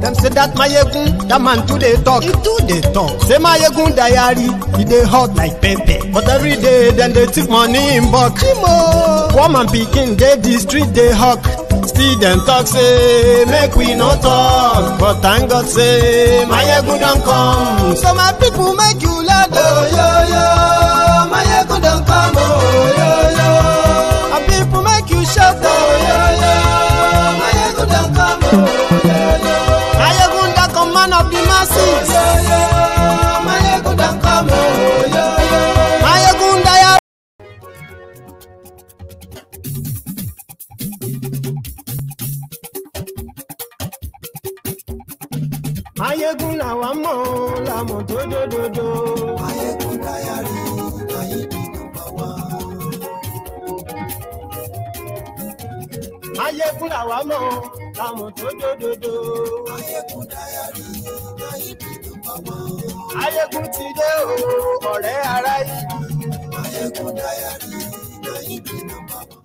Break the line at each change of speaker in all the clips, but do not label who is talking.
dem say dat mayegun dat man too dey talk e too dey talk say mayegun diary e dey hot like pepper but every day dem dey thief money in bulk. chimo woman pikin dey di street dey hawk still dem talk say make we no talk but thank god say mayegun don come. so my pipo make you loud yo. mayegun don come oh yo yo. my pipo make you shout oh yo yo. mayegun don come oyoyo. Oh, of the masses. Mayegun don come o. Mayegun daya. Mayegun làwa mọ̀ làmọ̀ tó dòdòdò. Mayegun daya rí ayé bí nàmbà wá. Mayegun làwa mọ̀ làmọ̀ tó dòdòdò. Mayegun daya rí ayégún ti dé o ọ̀rẹ́ ara yìí. ayégún dayari dayi bí nàmbà wọn.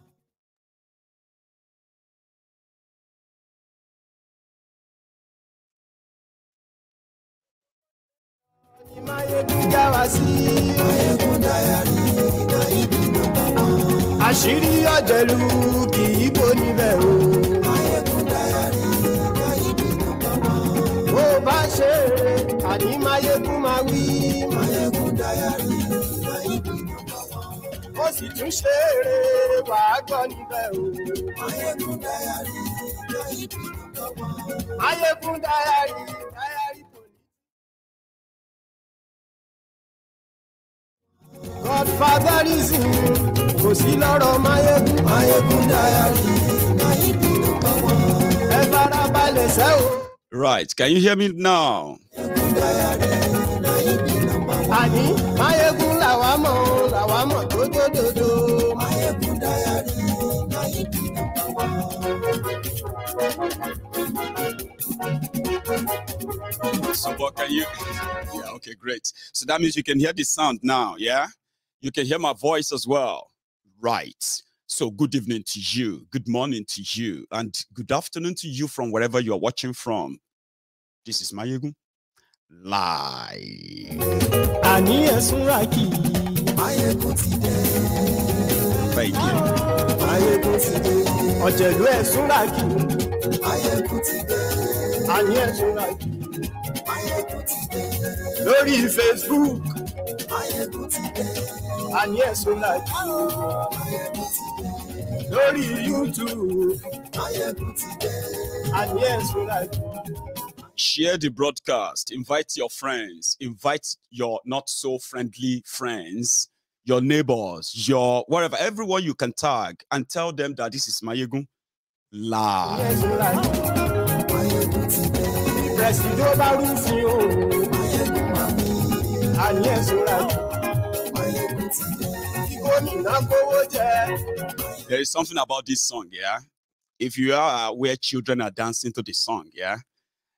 ayégún já wa sí. ayégún dayari dayi bí nàmbà wọn. àṣírí ọ̀jẹ̀lú kì í bò níbẹ̀ o. bá ṣe rere àní máyégún máa wí. máyégún dáyàrí máyégún nọ́mbà wán. ó sì tún ṣe rere wàá gbọ́ níbẹ̀ o. máyégún dáyàrí máyégún nọ́mbà wán. máyégún dáyàrí dáyàrí kò ní. godfatherism kò sí lọ́rọ̀ máyégún. máyégún dáyàrí máyégún nọ́mbà wán. ẹ fara balẹ̀ sẹ́wọ̀n. Right. Can you hear me now? So what can you? Yeah, okay, great. So that means you can hear the sound now, yeah? You can hear my voice as well. Right. So, good evening to you, good morning to you, and good afternoon to you from wherever you are watching from. This is Mayegun live. lórí Facebook and yes we like you lórí youtube and yes we like you. Share the broadcast. Invite your friends. Invite your not so friendly friends, your neighbors, your wherever, everyone you can tag and tell them that this is Mayegun live. Yes, like alẹ́ sora. There is something about this song, yeah. If you are where children are dancing to the song, yeah,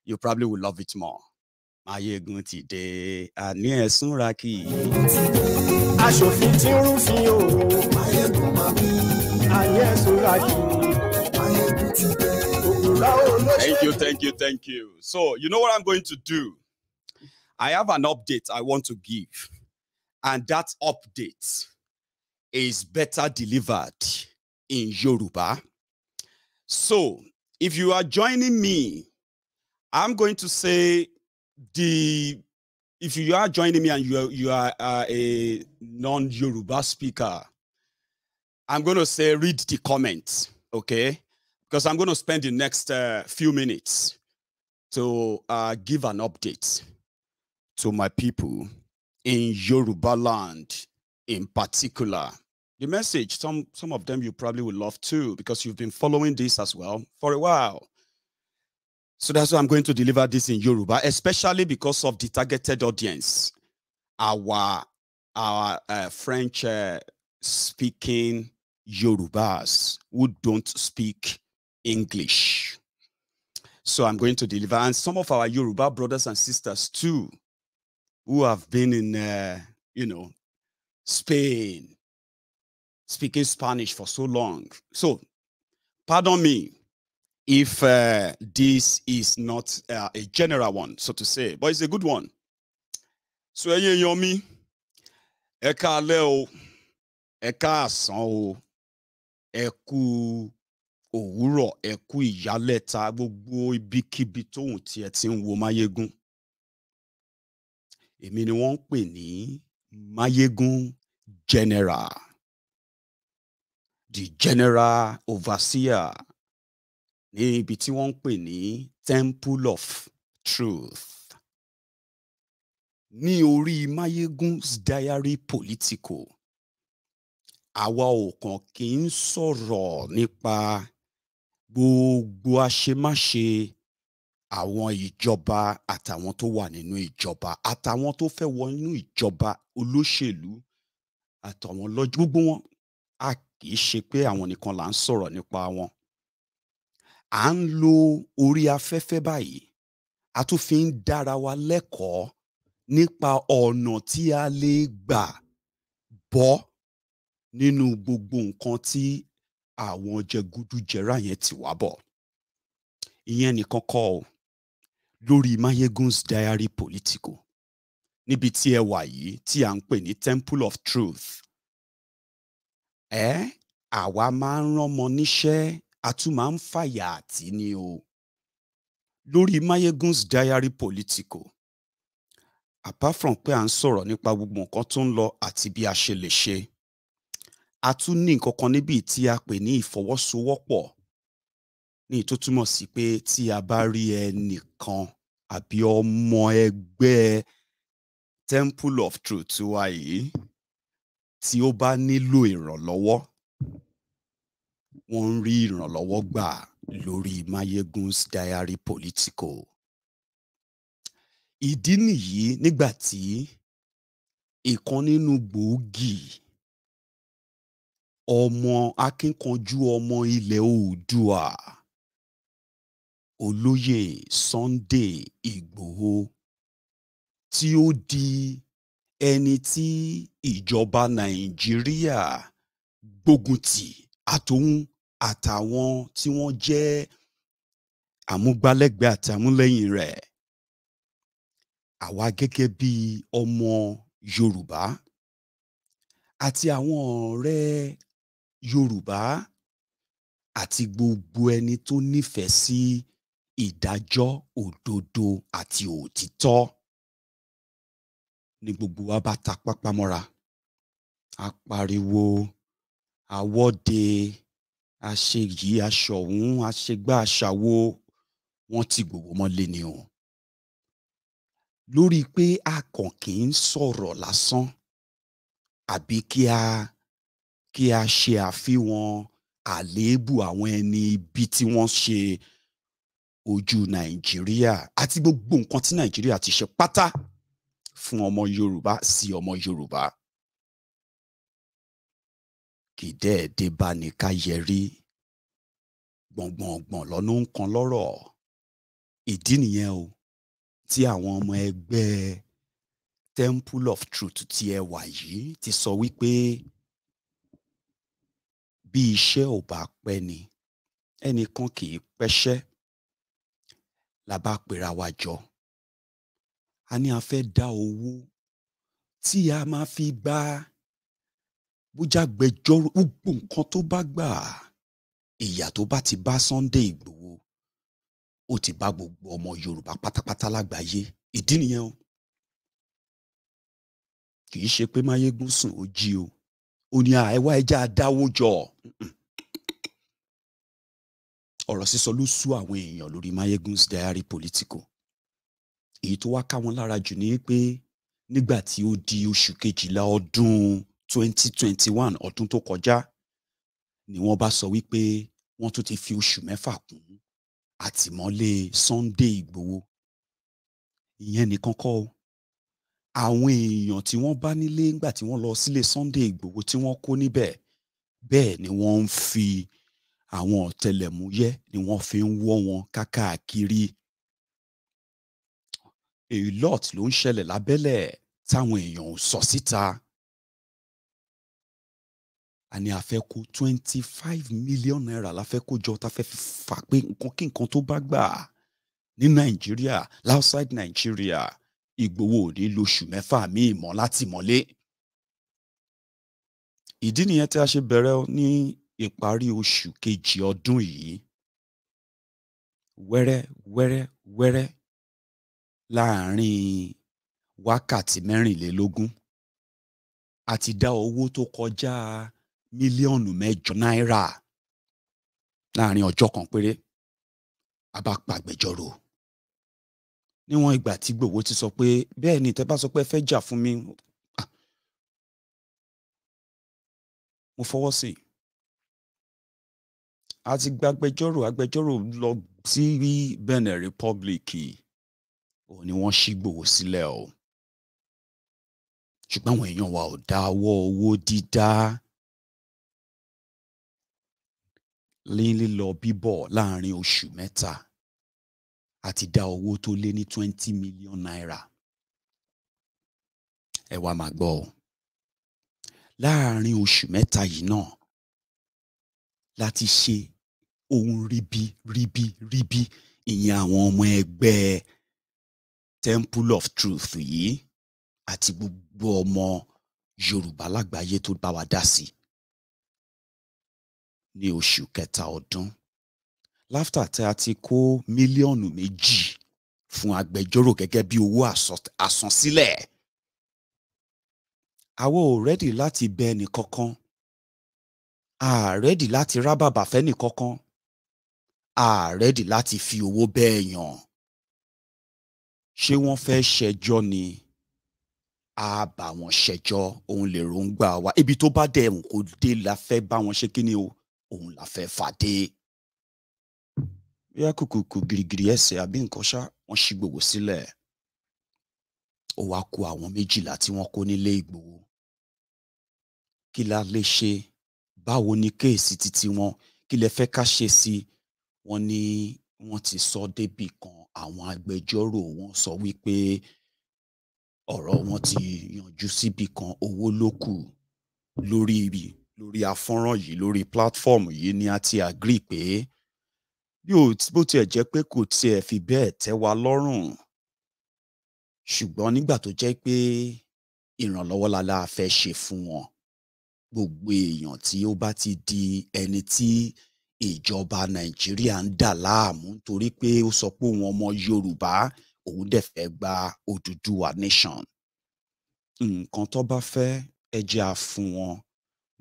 you probably will love it more. Ayégun ti dé, àní ẹ̀sùn ra kì í. Aṣòfin tí ń rúfin o. Ayégun Thank you, thank you, thank you. So, you know what I'm going to do? I have an update I want to give, and that update is better delivered in Yoruba. So, if you are joining me, I'm going to say the if you are joining me and you are, you are uh, a non-Yoruba speaker, I'm going to say read the comments, okay? Because I'm going to spend the next uh, few minutes to uh, give an update to my people in Yoruba land in particular. The message, some, some of them you probably will love too, because you've been following this as well for a while. So that's why I'm going to deliver this in Yoruba, especially because of the targeted audience, our, our uh, French uh, speaking Yorubas who don't speak English. So I'm going to deliver, and some of our Yoruba brothers and sisters too who have been in, uh, you know, Spain, speaking Spanish for so long. So, pardon me if uh, this is not uh, a general one, so to say, but it's a good one. So, ẹ̀yin èèyàn mi, ẹ káalẹ́ o ẹ Eku. ẹ kú òwúrọ̀, ẹ kú ìyálẹ̀ta, gbogbo ibikíbi tóun tiẹ̀ ti ń wo máyégún. èmi ni wọ́n ń pè ní mayegun general the general overseer ní ibi tí wọ́n ń pè ní temple of truth ní orí mayegun's diary political. àwa ò kàn kì í sọ̀rọ̀ nípa gbogbo àṣemáṣe àwọn ìjọba àtàwọn tó wà nínú ìjọba àtàwọn tó fẹ́ wọ inú ìjọba olóṣèlú àtàwọn lọ́jọ́ gbogbo wọn a kì í ṣe pé àwọn nìkan là ń sọ̀rọ̀ nípa wọn à ń lo orí afẹ́fẹ́ báyìí a tún fi ń dára wa lẹ́kọ̀ọ́ nípa ọ̀nà tí a lè gbà bọ́ nínú gbogbo nǹkan tí àwọn jẹgúdújẹrá yẹn ti wá bọ̀ ìyẹn nìkan kọ́ o lórí Mayegun's Diary political. níbi tí ẹ wà yìí tí à ń pè ní Temple of Truth ẹ àwa máa ń ránmọ níṣẹ́ a tún máa ń fàyà àti ni o lórí Mayegun's Diary political. apart from pé à ń sọ̀rọ̀ nípa gbogbo nǹkan tó ń lọ àti bí a ṣe lè ṣe a tún ní nǹkan kan níbi tí a pè ní ìfọwọ́sowọ́pọ̀ ní tó túmọ̀ sí pé tí a bá rí ẹnìkan àbí ọmọ ẹgbẹ́ Temple of Truth wa yìí tí ó bá nílò ìrànlọ́wọ́ wọ́n ń rí ìrànlọ́wọ́ gbà lórí Mayegun's Diary Political. Ìdí nìyí nígbà tí ìkan nínú gbòógì ọmọ akínkanjú ọmọ ilẹ̀ Oòduà olóyè Sunday Ìgbòho tí ó di ẹni tí ìjọba Nàìjíríà gbógun tì àtòun àtàwọn tí wọ́n jẹ́ àmúgbálẹ́gbẹ̀ẹ́ àti àmúlẹ́yìn rẹ̀ àwa gẹ́gẹ́ bí ọmọ Yorùbá àti àwọn ọ̀rẹ́ Yorùbá àti gbogbo ẹni tó nífẹ̀ẹ́ sí ìdájọ́ òdodo àti òtítọ́ ni gbogbo wa bá ta pápá mọ́ra a pariwo àwọ́de àṣeyí aṣọ̀hún àṣegbá àṣàwo wọ́n ti gbogbo mọ́lé ni o lórí pé a kàn kì í sọ̀rọ̀ lásán àbí kí a kí a ṣe àfihàn àléébù àwọn ẹni ibi tí wọ́n ṣe ojú nàìjíríà àti gbogbo nǹkan tí nàìjíríà ti ṣe pátá fún ọmọ yorùbá sí ọmọ yorùbá kì í dẹ́ẹ̀dẹ́ bá ní ká yẹrí gbọ̀ngbọ̀ngbọ̀n lọ́nà ń kan lọ́rọ̀ ìdí nìyẹn o tí àwọn ọmọ ẹgbẹ́ Temple of Truth ti ẹ wà yìí ti sọ wípé bí iṣẹ́ ò bá pẹ́ ni ẹnìkan kì í pẹ́ṣẹ́ la bá pera wa jọ a ní a fẹ́ dá owó tí a máa fi gba bójàgbẹjọ́rò gbogbo nǹkan tó bá gbà ìyà tó bá ti bá Sunday Ìgbòho ó ti bá gbogbo ọmọ Yorùbá pátápátá lágbàáyé ìdí nìyẹn o kì í ṣe pé Máyégún sùn ó jí o ó ní àìwá ẹja dáwó jọ. Mm -mm ọ̀rọ̀ sísọ ló sú àwọn èèyàn lórí Mayegun's Diary Politico èyí tó wá ká wọn lára jù ni pé nígbà tí ó di oṣù kejìlá ọdún 2021 ọdún tó kọjá ni wọ́n bá sọ wípé wọ́n tún ti fi oṣù mẹ́fà kún àtìmọ́lé Sunday Ìgbòho ìyẹn nìkan kọ́ o àwọn èèyàn tí wọ́n bá nílé ńgbà tí wọ́n lọ sílé Sunday Ìgbòho tí wọ́n kó níbẹ̀ bẹ́ẹ̀ ni wọ́n ń fi àwọn ọ̀tẹlẹ̀múyẹ́ ni wọ́n fi ń wọ́ wọn kákàkiri a lot ló ń ṣẹlẹ̀ lábẹ́lẹ̀ táwọn èèyàn ò sọ síta a ní a twenty five million naira la fẹ́ kó jọ ta fẹ́ fi fà pé nǹkan kí nǹkan tó bá gbà ní nàìjíríà outside nàìjíríà ìgbowó ò ní lóṣù mẹ́fà míì mọ́ látìmọ́lé ìdí nìyẹn tí a ṣe bẹ̀rẹ̀ ní ìparí oṣù kejì ọdún yìí wẹ́rẹ́ wẹ́rẹ́ wẹ́rẹ́ láàárín wákàtí mẹ́rìnlélógún a ti dá owó tó kọjá mílíọ̀nù mẹ́jọ náírà láàárín ọjọ́ kan péré a níwọ̀n ìgbà tí Ìgbòho ti sọ pé bẹ́ẹ̀ ni tẹ́ bá sọ pé ẹ fẹ́ jà fún mi mo fọwọ́ sí i àti gba agbẹjọ́rò agbẹjọ́rò lọ sí Benin Republic ò ní wọ́n ṣí gbòwó sílẹ̀ o ṣùgbọ́n àwọn èèyàn wa ò dáwọ́ owó dídá lílọ bíbọ̀ láàrin oṣù mẹ́ta àti dá owó tó lé ní twenty million naira ẹ wá máa gbọ́ o láàrin oṣù mẹ́ta yìí náà láti ṣe ohun ríbi ríbi ríbi ìyẹn àwọn ọmọ ẹgbẹ́ Temple of Truth yìí àti gbogbo ọmọ Yorùbá lágbàáyé tó bá wa dá sí ní oṣù kẹta ọdún láftà tí a ti kó mílíọ̀nù méjì fún agbẹjọ́rò gẹ́gẹ́ bí owó àsansílẹ̀ àwa ò rẹ́dì láti bẹ ẹnì kankan a rẹ́dì láti rábàbà fẹ́nì kankan ààrẹ́dì láti fi owó bẹ́ẹ̀ yàn ṣé wọ́n fẹ́ ṣẹjọ́ ni a bá wọn ṣẹjọ́ òun lè ròǹgbà wa ibi tó bá dẹ̀ ẹ̀wọ̀n kò dé la fẹ́ bá wọn ṣe kíni o òun la fẹ́ fà dé bóyá kùkùkù gìrìgìrì ẹsẹ̀ àbí nǹkan ṣá wọ́n ṣí gbogbo sílẹ̀ ó wá kó àwọn méjìlá tí wọ́n kó nílé Ìgbòho kí la lè ṣe báwo ni kéèsì títí wọn kí lẹ fẹ́ ká ṣe sí i wọ́n ní wọ́n ti sọ débì kan àwọn agbẹjọ́rò wọn sọ wípé ọ̀rọ̀ wọn ti yanjú síbì kan owó ló kù lórí ibi lórí afọ́nrán yìí lórí platform yìí ni a ti agree pé bó tiẹ̀ jẹ́ pé kò tiẹ̀ fi bẹ́ẹ̀ tẹ́ wa lọ́rùn ṣùgbọ́n nígbà tó jẹ́ pé ìrànlọ́wọ́ lala fẹ́ ṣe fún wọn gbogbo èèyàn tí ó bá ti di ẹni tí ìjọba nàìjíríà ń dà láàmú torí pé ó sọ pé òun ọmọ yorùbá òun dẹ̀ fẹ́ gba Odùduwà nation nǹkan tó bá fẹ́ ẹ jẹ́ a fún wọn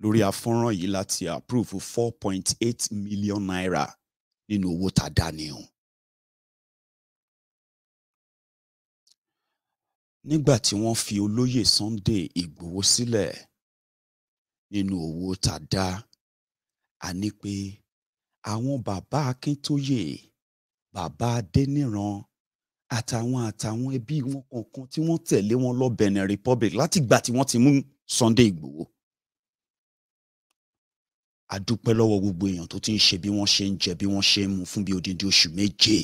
lórí afọ́nrán yìí láti approve four point eight million naira nínú owó tá a dá ni o. nígbà tí wọ́n fi olóyè Sunday Ìgbòho sílẹ̀ nínú owó tá a dá a ní pé àwọn bàbá akíntóyè bàbá adẹniran àtàwọn àtàwọn ẹbí wọn kọ̀ọ̀kan tí wọ́n tẹ̀lé wọn lọ benin republic látìgbà tí wọ́n ti mú sunday igbòho a dúpẹ́ lọ́wọ́ gbogbo èèyàn tó ti ń ṣe bí wọ́n ṣe ń jẹ bí wọ́n ṣe ń mu fún bí odindi oṣù méje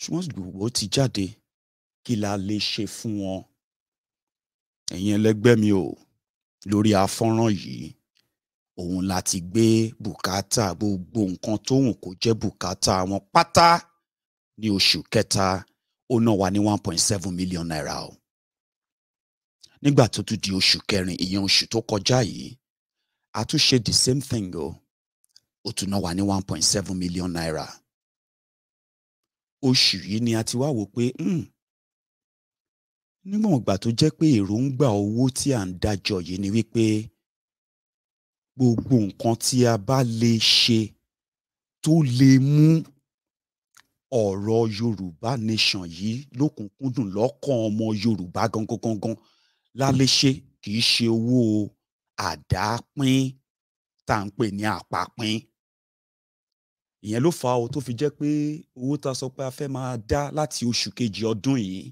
ṣùgbọ́n gbogbo ti jáde kí la lè ṣe fún wọn ẹ̀yin ẹlẹgbẹ́ mi ò lórí afọ́nrán yìí òun la ti gbé bùkátà gbogbo nǹkan tó wùn kó jẹ́ bùkátà wọn pátá ní oṣù kẹta ó ná wa ní one point seven million naira o nígbà tó tún di oṣù kẹrin ìyẹn oṣù tó kọjá yìí a tún ṣe the same thing o ó tún ná wa ní one point seven million naira oṣù yìí ni a ti wá wò pé hmm, nígbà tó jẹ́ pé èròǹgbà owó tí à ń dájọ yìí ni wípé gbogbo nǹkan tí a bá lè ṣe tó lè mú ọ̀rọ̀ Yorùbá nation yìí lókùnkúndùn lọ́kàn ọmọ Yorùbá gangan gangan la lè ṣe kì í ṣe owó àdápín tá à ń pè ní àpapín ìyẹn ló fa o tó fi jẹ́ pé owó tá a sọ pé a fẹ́ máa dá láti oṣù kejì ọdún yìí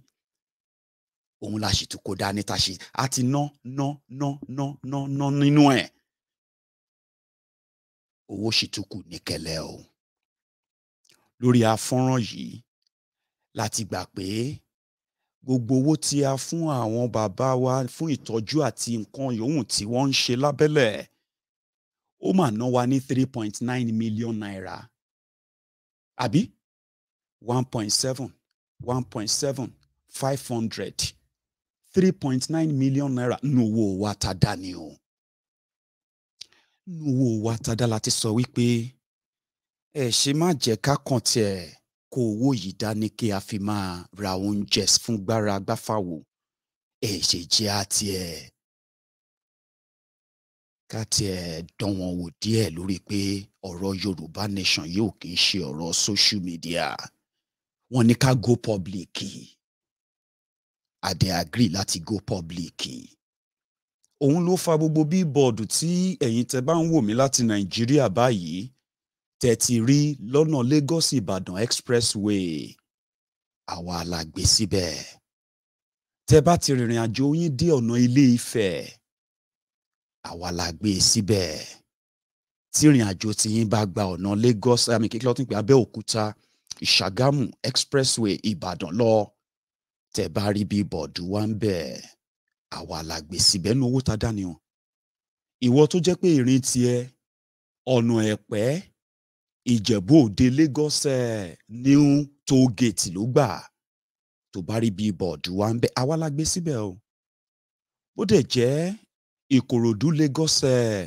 òun la sì tún kó dání tá a ṣe a ti ná ná ná ná ná ná nínú ẹ̀ owó sì tún kù ní kẹ̀lẹ̀ o lórí afọ́nrán yìí láti gbà pé gbogbo owó tí a fún àwọn bàbá wa fún ìtọ́jú àti nǹkan yòówù tí wọ́n ń ṣe lábẹ́lẹ̀ ó mà ná wa ní three point nine million naira àbí one point seven one point seven five hundred three point nine million naira nínú owó wa ta dá ni o nínú owó wa tada la ti sọ wípé ẹ ṣe má jẹ́ ká kàn tiẹ̀ kó owó yìí dání kí a fi máa ra oúnjẹ fún gbára gbáfàwò ẹ ṣe jẹ́ àti ẹ̀ ká tiẹ̀ dán wọn wò díẹ̀ lórí pé ọ̀rọ̀ Yorùbá Nation yóò kì í ṣe ọ̀rọ̀ social media wọ́n ní ká go public i dey agree láti go public i òun ló fa gbogbo bíbọ̀dù tí ẹ̀yin tẹ bá ń wò mí láti nàìjíríà báyìí tẹ rí lọ́nà Lagos Ìbàdàn expressway àwa la gbé síbẹ̀ tẹ bá ti rìnrìn àjò yín dé ọ̀nà Ilé Ifẹ̀ àwa la gbé síbẹ̀ tí ìrìn àjò tiyín bá gba ọ̀nà Lagos àmì kíkọ́ tó ń pè Abẹ́òkúta Ìṣàgámù expressway Ìbàdàn lọ tẹ bá rí bíbọ̀dù wá ń bẹ̀ẹ́ àwa la gbé síbẹ̀ nu owó ta dání wọn ìwọ tó jẹ́ pé ìrìn tiẹ̀ ọ̀nà ẹ̀pẹ́ ìjẹ̀bú òde Lagos eh, new toll gate ló gbà tó bá rí bíbọ̀dù wa ń bẹ àwa la gbé síbẹ̀ o ó dẹ̀ jẹ́ ìkòròdú Lagos eh,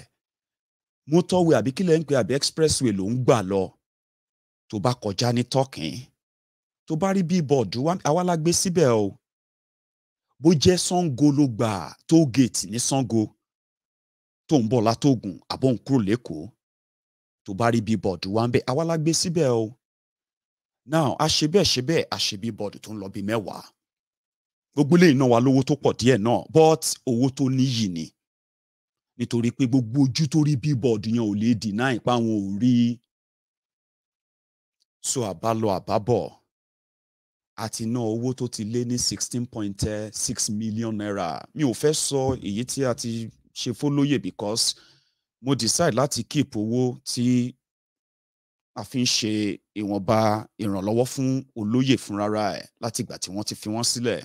motorway àbí kílẹ̀ ń pè àbí expressway ló ń gbà lọ tó bá kọjá ní tọkìn tó bá rí bíbọ̀dù wa àwa la gbé síbẹ̀ o bó jẹ́ Sango ló gba toll gate ní Sango tó ń bọ̀ látògùn àbọ̀ ń kúrò lẹ́kọ̀ọ́ tó bá rí bíbọ̀dù wá ń bẹ àwa la gbé síbẹ̀ o now a ṣe bẹ́ẹ̀ ṣe bẹ́ẹ̀ a ṣe bíbọ̀dù tó ń lọ bíi mẹ́wàá gbogbo eléyìí náà wà lówó tó pọ̀ díẹ̀ náà but owó tó níyì ni nítorí pé gbogbo ojú tó rí bíbọ̀dù yẹn ò lè deny pa àwọn ò rí so àbálọ àbábọ̀ a ti ná owó tó ti lé ní sixteen point six million naira mi ò fẹ́ sọ èyí tí a ti ṣe fólóyè because mo decide láti keep owó tí a fi ń ṣe ìwọ̀nba ìrànlọ́wọ́ fún olóyè fúnrara ẹ̀ láti ìgbà tí wọ́n ti fi wọ́n sílẹ̀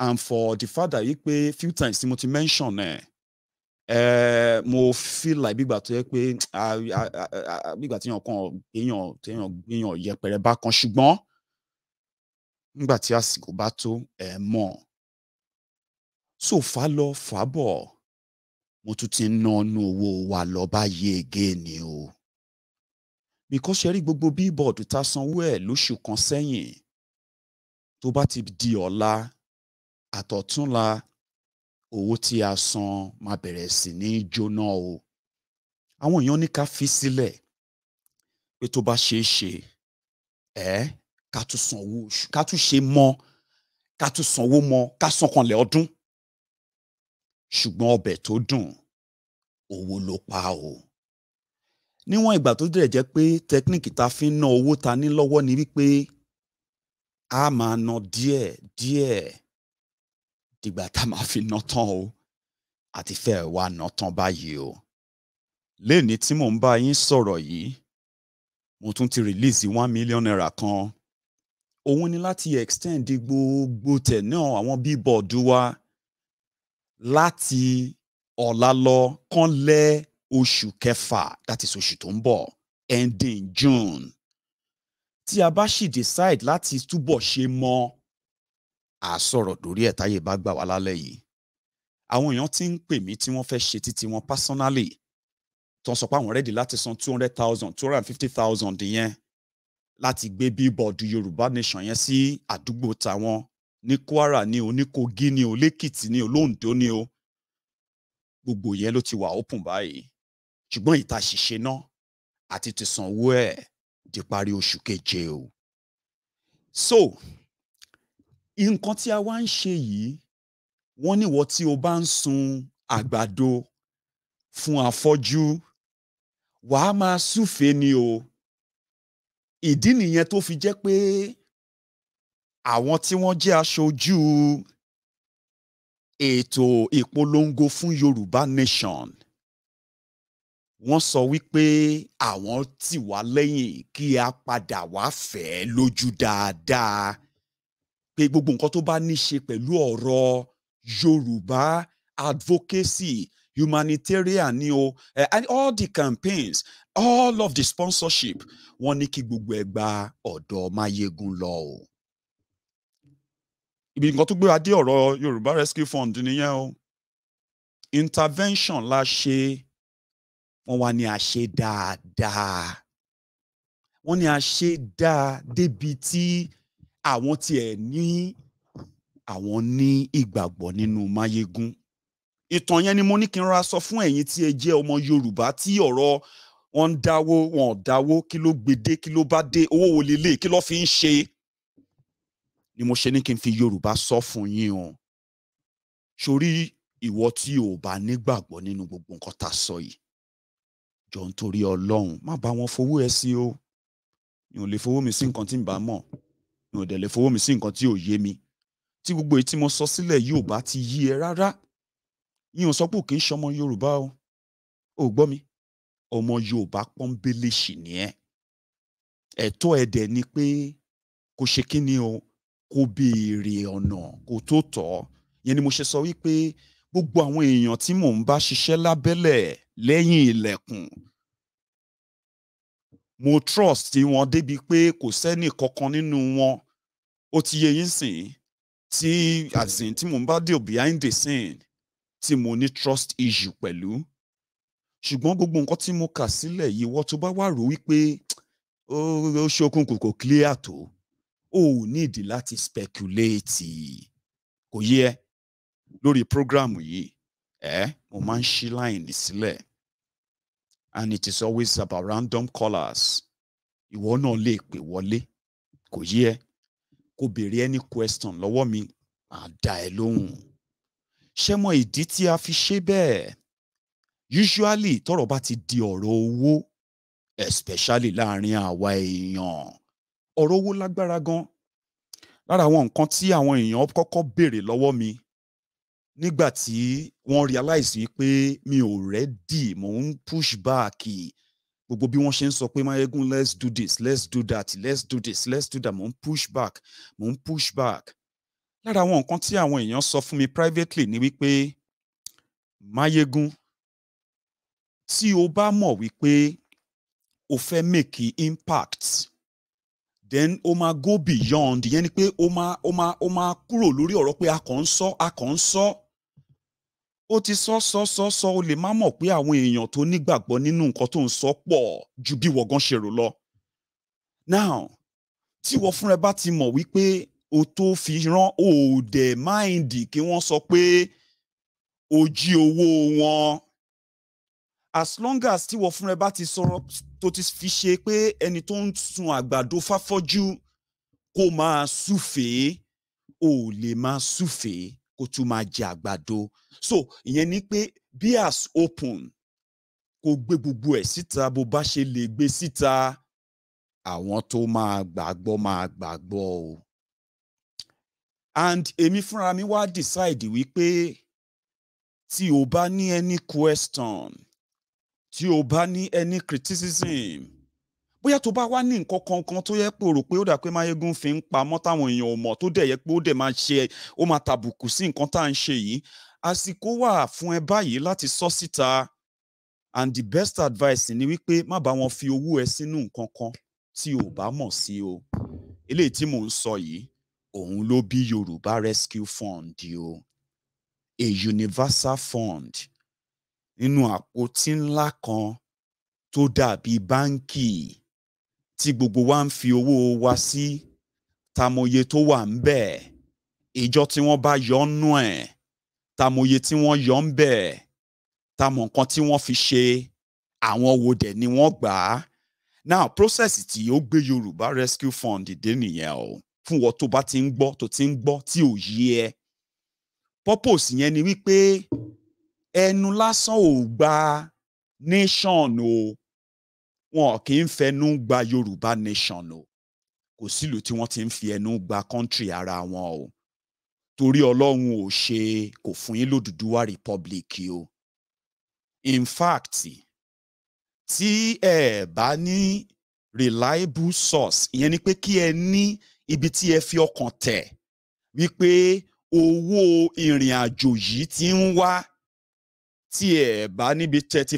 and for the father yìí pé few times tí mo ti mention ẹ̀ eh, mo feel like bí ìgbà tó yẹ pé bí ìgbà tí èèyàn kan èèyàn èèyàn yẹpẹrẹ bá kan ṣùgbọ́n nígbà tí àsìkò bá tó ẹ mọ̀ so fà lọ fà bọ̀ mo tún ti ń ná owó wa lọ báyìí ege ni o because ṣe rí gbogbo bíbọ̀dù tá a sanwó ẹ̀ lóṣù kan sẹ́yìn tó bá ti di ọ̀la àtọ̀túnla owó tí a san máa bẹ̀rẹ̀ sí ní jóná o àwọn èèyàn ní ká fi sílẹ̀ pé tó bá ṣeé ṣe ẹ́ ká tún sanwó oṣù ká tún ṣe mọ ká tún sanwó mọ ká sankanlẹ̀ ọdún ṣùgbọ́n ọbẹ̀ tó dùn owó ló pa o níwọ̀n ìgbà tó dẹ̀ jẹ́ pé tẹkíníkì tá fi ń ná owó ta ní lọ́wọ́ ni wípé a máa ná díẹ̀ díẹ̀ dìgbà tá máa fi ná tán o àti fẹ́ wá ná tán báyìí o lẹ́ni tí mò ń bá yín sọ̀rọ̀ yìí mo tún ti release one million naira kan òun ni láti extend gbogbo tẹ̀ náà àwọn bíbọ̀dù wa láti ọ̀la lọ kánlẹ̀ oṣù kẹfà that is oṣù tó ń bọ̀ ending June tí a bá sì decide láti túbọ̀ ṣe mọ́ a sọ̀rọ̀ lórí ẹ̀ táyé bá gbà wá lálẹ́ yìí àwọn èèyàn ti ń pè mí tí wọ́n fẹ́ ṣe títí wọn personally tó ń sọ pé àwọn rẹ́dì láti san two hundred thousand two hundred and fifty thousand yẹn láti gbé bíbọ̀dù yorùbá nation yẹn sí àdúgbò tàwọn ní kwara ní o ní kogi ní o lẹ́kìtì ní o londo ní o gbogbo yẹn ló ti wà open báyìí ṣùgbọ́n ìta ṣìṣe náà àti ti sanwó ẹ̀ di parí oṣù keje o so nǹkan tí a wá ń ṣe yìí wọ́n níwọ̀ tí o bá ń sun àgbàdo fún afọ́jú wàá máa súfèé ni o ìdí nìyẹn tó fi jẹ́ pé àwọn tí wọ́n jẹ́ aṣojú ètò ìpolongo fún Yorùbá Nation wọ́n sọ wípé àwọn tì wá lẹ́yìn kí a padà wá fẹ́ lójú dáadáa pé gbogbo nǹkan tó bá ní ṣe pẹ̀lú ọ̀rọ̀ Yorùbá advocacy humanitarian ni o eh, and all the campaigns all of the sponsorship wọ́n ní kí gbogbo ẹ̀ gba ọ̀dọ̀ lọ o ibi nǹkan tó gbéra dé ọ̀rọ̀ Yorùbá Rescue Fund nìyẹn o intervention la ṣe wọ́n wá ní a ṣe dáadáa wọ́n ní a ṣe dáa débi tí àwọn tiẹ̀ ní àwọn ní ìgbàgbọ́ nínú Máyégún ìtàn yẹn ni mo ní kí n ra sọ fún ẹ̀yin tí ẹ jẹ́ ọmọ Yorùbá tí ọ̀rọ̀ wọ́n ń dáwó wọn ò dáwó kí ló gbede kí ló bá dé owó wo lélẹ̀ kí ló fi ń ṣe ni mo ṣe ní kí n fi Yorùbá sọ fún yín o sórí ìwọ tí ò bá nígbàgbọ́ nínú gbogbo nǹkan tá a sọ yìí jọ ń torí Ọlọ́run má bá wọn fowó ẹ sí o mi ò lè fowó mi sí nǹkan tí n bá mọ̀ mi ò dẹ̀ lè fowó mi sí nǹkan tí ò yé mi tí gbogbo èyí tí mo sọ sílẹ̀ yìí ò bá ti yí ẹ rárá yín ò sọ pé kì í ṣọmọ Yorùbá o ò gbọ́ mi ọmọ Yorùbá pọ́ńbélé sì ni ẹ́ ẹ̀tọ́ ẹ̀dẹ̀ ni pé kò ṣe kí ni o kò béèrè ọ̀nà kò tó tọ́ yẹn ni mo ṣe sọ wípé gbogbo àwọn èèyàn tí mò ń bá ṣiṣẹ́ lábẹ́lẹ̀ lẹ́yìn ilẹ̀kùn mo trust wọn débi pé kò sẹ́ni kankan nínú wọn ó ti yẹ yín sìn tí àzìn tí mò ń bá deal behind the scene tí mo ní trust issue pẹ̀lú ṣùgbọ́n gbogbo nǹkan tí mo kà sílẹ̀ yìí wọ́n tó bá wà rò wípé ó ṣokùnkùn kò clear tó ó nídìí láti speculate kò yẹ lórí program yìí ẹ mo máa ń ṣí láìní sílẹ̀ and it is always about random callers ìwọ náà lè pè wọlé kò yẹ kò béèrè any question lọ́wọ́ mi àá dá ẹ lóhùn ṣé mọ ìdí tí a fi ṣe bẹ́ẹ̀ usually tọ́rọ̀ bá ti di ọ̀rọ̀ owó especially láàrin àwa èèyàn ọ̀rọ̀ owó lágbára gan lára àwọn nǹkan tí àwọn èèyàn kọ́kọ́ béèrè lọ́wọ́ mi nígbà tí wọ́n realize wípé mi ò ready mò ń push back gbogbo bí wọ́n ṣe ń sọ pé Mayegun let's do this let's do that let's do this let's do that mò ń push back mò ń push back lára àwọn nǹkan tí àwọn èèyàn sọ fún mi privately ni wípé Mayegun tí o bá mọ̀ wípé o fẹ́ make impact then o máa go beyond ìyẹn ni pé o máa o máa o máa kúrò lórí ọ̀rọ̀ pé a kàn ń sọ a kàn ń sọ ó ti sọ sọ sọ sọ o lè má mọ̀ pé àwọn èèyàn tó nígbàgbọ́ nínú nǹkan tó ń sọ pọ̀ ju bí wọ̀gán ṣe rò lọ now tí wọ́n fúnra bá ti mọ̀ wípé o tó fi rán òòdẹ̀ máìndì kí wọ́n sọ pé o owó wọn as long as tí wọ́n fúnra ẹ bá ti sọ̀rọ̀ tó ti fi ṣe pé ẹni tó ń sun àgbàdo fáfọ́jú kó máa súfèé ò lè máa súfèé kó tún máa jẹ àgbàdo so ìyẹn ni pé be as open kó gbé gbogbo ẹ̀ síta bó bá ṣe lè gbé síta àwọn tó máa gbàgbọ́ máa gbàgbọ́ o and èmi fúnra mi wá decide wípé tí o bá ní any question tí o bá ní any criticism bóyá tó bá wá ní nǹkan kankan tó yẹ pé o rò pé ó dà pé Máyégún fi ń pamọ́ táwọn èèyàn ò mọ̀ tó dẹ̀ yẹ pé ó dẹ̀ máa ṣe ó máa tàbùkù sí nǹkan tá à ń ṣe yìí àsìkò wà fún ẹ báyìí láti sọ síta and the best advice ni wípé má bá wọn fi owó ẹ sínú nǹkan kan tí o bá mọ̀ sí o eléyìí tí mò ń sọ yìí òun ló bí Yorùbá Rescue Fund o a universal fund nínú àpótí ńlá kan tó dàbí báńkì tí gbogbo wa ń fi owó wa sí tamoye tó wà ń bẹ̀ ìjọ tí wọ́n bá yọ nú ẹ̀ tamoye tí wọ́n yọ ń bẹ̀ tamọ̀ nǹkan tí wọ́n fi ṣe àwọn wo dẹ̀ ni wọ́n gbà á now process tí ó gbé Yorùbá Rescue Fund dé nìyẹn o fún wọn tó bá ti ń gbọ́ tó ti ń gbọ́ tí ò yí ẹ purpose yẹn ni wípé ẹnu lásán ò gba nation o wọn kì í fẹnu gba Yorùbá nation o kò sílùú tí wọ́n ti ń fi ẹnu gba country ara wọn o torí Ọlọ́run ò ṣe kò fún yín lódùdúwà republic o in fact tí ẹ bá ní reliable source ìyẹn ni pé kí ẹ ní ibi tí ẹ fi ọkàn tẹ̀ wípé owó ìrìn àjò yìí ti ń wá tí ẹ bá níbi tẹ́ ti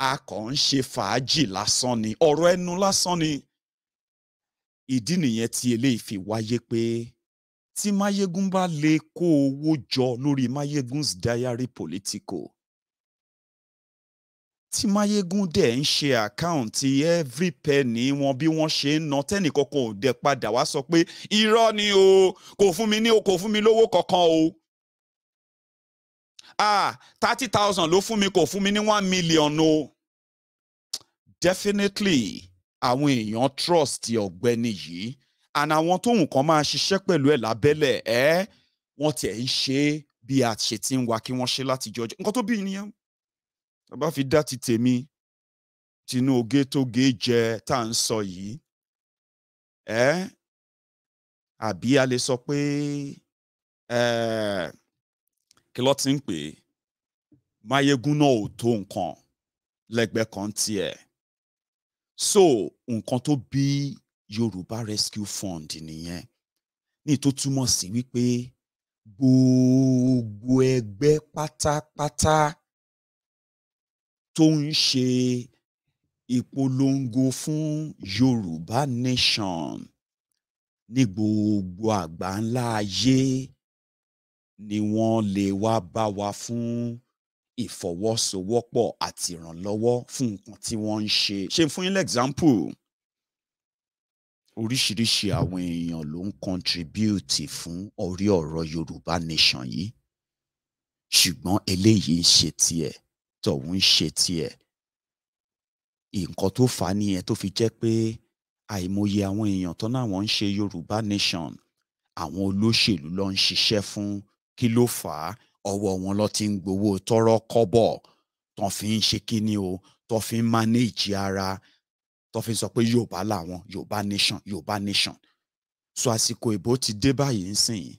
a kàn ń ṣe fàájì lásán ni ọ̀rọ̀ ẹnu lásán ni ìdí nìyẹn tí eléyìí fi wáyé pé tí Mayegun bá lè kó owó jọ lórí Mayegun's diary politico tí Mayegun dẹ̀ ń ṣe àkáǹtì every penny wọn bí wọ́n ṣe ń ná tẹ́nìkankan ò dẹ̀ padà wá sọ pé irọ́ ni o kò fún mi ní o kò fún mi lówó kankan o ah thirty thousand ló fún mi kò fún mi ní one million o definitely àwọn èèyàn trust ọ̀gbẹ́ni yìí and àwọn tóun kan máa ṣiṣẹ́ pẹ̀lú ẹ̀ lábẹ́lẹ̀ ẹ́ wọ́n tiẹ̀ ń ṣe bí a ṣe ti ń wa kí wọ́n ṣe láti jọjọ́ nǹkan tó bí nìyẹn tó bá fi dá ti tèmi tinú oge tó ge jẹ tá à ń sọ yìí ẹ́ àbí a lè sọ pé kí ló ti ń pè é máyégún náà ò tó nǹkan lẹ́gbẹ̀ẹ́ kan tiẹ̀ so nǹkan tó bí Yorùbá Rescue Fund nìyẹn ní tó túmọ̀ sí wípé gbogbo ẹgbẹ́ pátápátá tó ń ṣe ìpolongo fún Yorùbá Nation ní gbogbo àgbáńlá ayé ni wọ́n lè wá bá wa fún ìfọwọ́sowọ́pọ̀ àti ìrànlọ́wọ́ fún nǹkan tí wọ́n ń ṣe. ṣe fún yín lẹ́gzámpù oríṣiríṣi àwọn èèyàn ló ń contribute fún orí ọ̀rọ̀ Yorùbá nation yìí ṣùgbọ́n eléyìí ń ṣe tiẹ̀ tọ̀hún ń ṣe tiẹ̀ nǹkan tó fà á nìyẹn tó fi jẹ́ pé àìmọye àwọn èèyàn tó náà wọ́n ń ṣe Yorùbá nation àwọn olóṣèlú ló ń ṣiṣẹ́ fún kí ló fà á ọwọ́ wọn lọ ti ń gbowó tọrọ kọ́bọ̀ tán fi ń ṣe kíni o tán fi ń manage ara tán fi ń sọ pé Yorùbá làwọn Yorùbá nation Yorùbá nation so àsìkò ìbò ti dé báyìí nísìnyí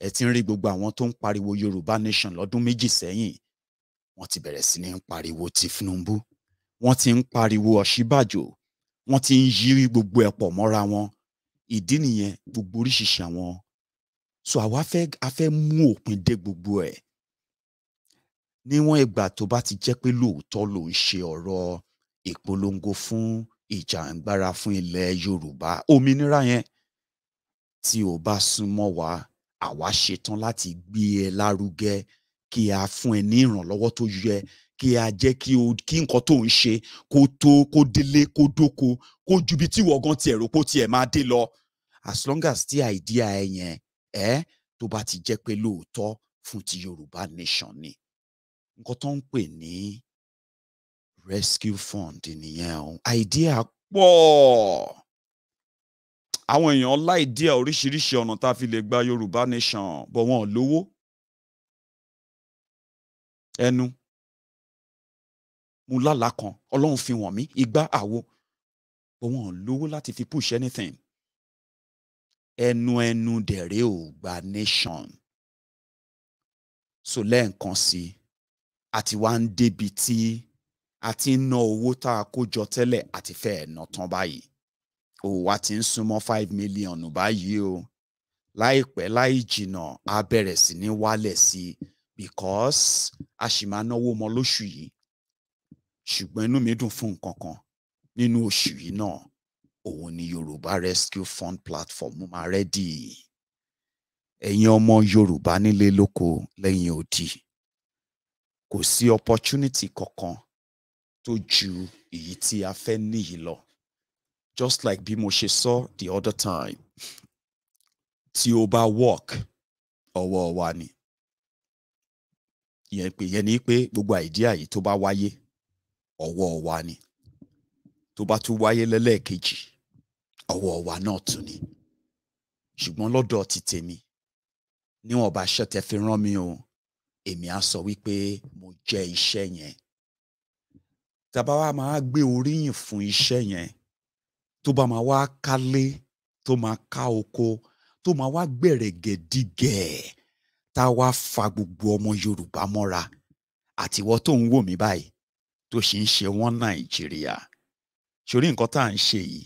ẹ ti ń rí gbogbo àwọn tó ń pariwo Yorùbá nation lọ́dún méjì sẹ́yìn wọ́n ti bẹ̀rẹ̀ sí ní ń pariwo Tinubu wọ́n ti ń pariwo Ọ̀ṣínbàjò wọ́n ti ń yí gbogbo ẹ̀ pọ̀ wọn ìdí nìyẹn gbogbo oríṣiríṣi àwọn so àwa fẹ́ a fẹ́ mú òpin dé gbogbo ẹ̀ níwọ̀n ìgbà tó bá ti jẹ́ pé lóòótọ́ ló ń ṣe ọ̀rọ̀ ìpolongo fún ìjàǹgbara fún ilẹ̀ Yorùbá òmìnira yẹn tí o bá súnmọ́ wa àwa ṣetán láti gbé ẹ lárugẹ kí a fún ẹ ní ìrànlọ́wọ́ tó yẹ kí a jẹ́ kí o kí nǹkan tó ń ṣe kó tó kó délé kó dóko kó ju ibi tí ìwọ gan tiẹ̀ rò kó tiẹ̀ máa dé lọ as long as ti idea ẹ yẹn ẹ tó bá ti jẹ́ pé lóòótọ́ fún ti Yorùbá nation ni nǹkan tó ń pè ní rescue fund nìyẹn o idea pọ̀ àwọn èèyàn lá idea oríṣiríṣi ọ̀nà tá a fi lè gba Yorùbá nation bọ̀ wọn ò lówó ẹnu mo lálàá kan ọlọ́run fi wọ̀n mí igbá àwo bọ̀ wọn lówó láti fi push anything ẹnu ẹnu dẹ̀rẹ́ ò gba nation so lẹ́ẹ̀kan sí àti wá ń débi tí a ti ń ná owó tá a kó jọ tẹ́lẹ̀ àti fẹ́ẹ̀ ná tán báyìí òwò wa ti ń súnmọ́ five million báyìí o láìpẹ́ láì jìnnà a bẹ̀rẹ̀ sí ní wálẹ̀ sí i because a sì máa náwó mọ́ lóṣù yìí ṣùgbọ́n inú mi dùn fún nǹkan kan nínú oṣù yìí náà òun ni Yorùbá Rescue Fund Platform mo máa rẹ́dì ẹ̀yin ọmọ Yorùbá nílé lóko lẹ́yìn odi kò sí opportunity kankan tó ju èyí tí a fẹ́ níyì lọ just like bí mo ṣe sọ the other time tí o bá work ọwọ́ wa ni ìyẹn pé ìyẹn ni pé gbogbo àìdíà yìí tó bá wáyé ọwọ́ wa ni tó bá tún wáyé lẹ́lẹ́ẹ̀kejì ọwọ́ wa náà tún ni ṣùgbọ́n lọ́dọ̀ ti tèmi níwọ̀n bá aṣọ tẹ fi rán mi o èmi á sọ wípé mo jẹ iṣẹ́ yẹn tàbá wa máa gbé oríyìn fún iṣẹ́ yẹn tó bá máa wá kálé tó máa ká oko tó máa wá gbẹ̀rẹ̀gẹ̀dígẹ̀ tá a wá fa gbogbo ọmọ Yorùbá mọ́ra àtiwọ́ tó ń wò mí báyìí tó sì ń ṣe wọ́n Nàìjíríà sórí nǹkan tá à ń ṣe yìí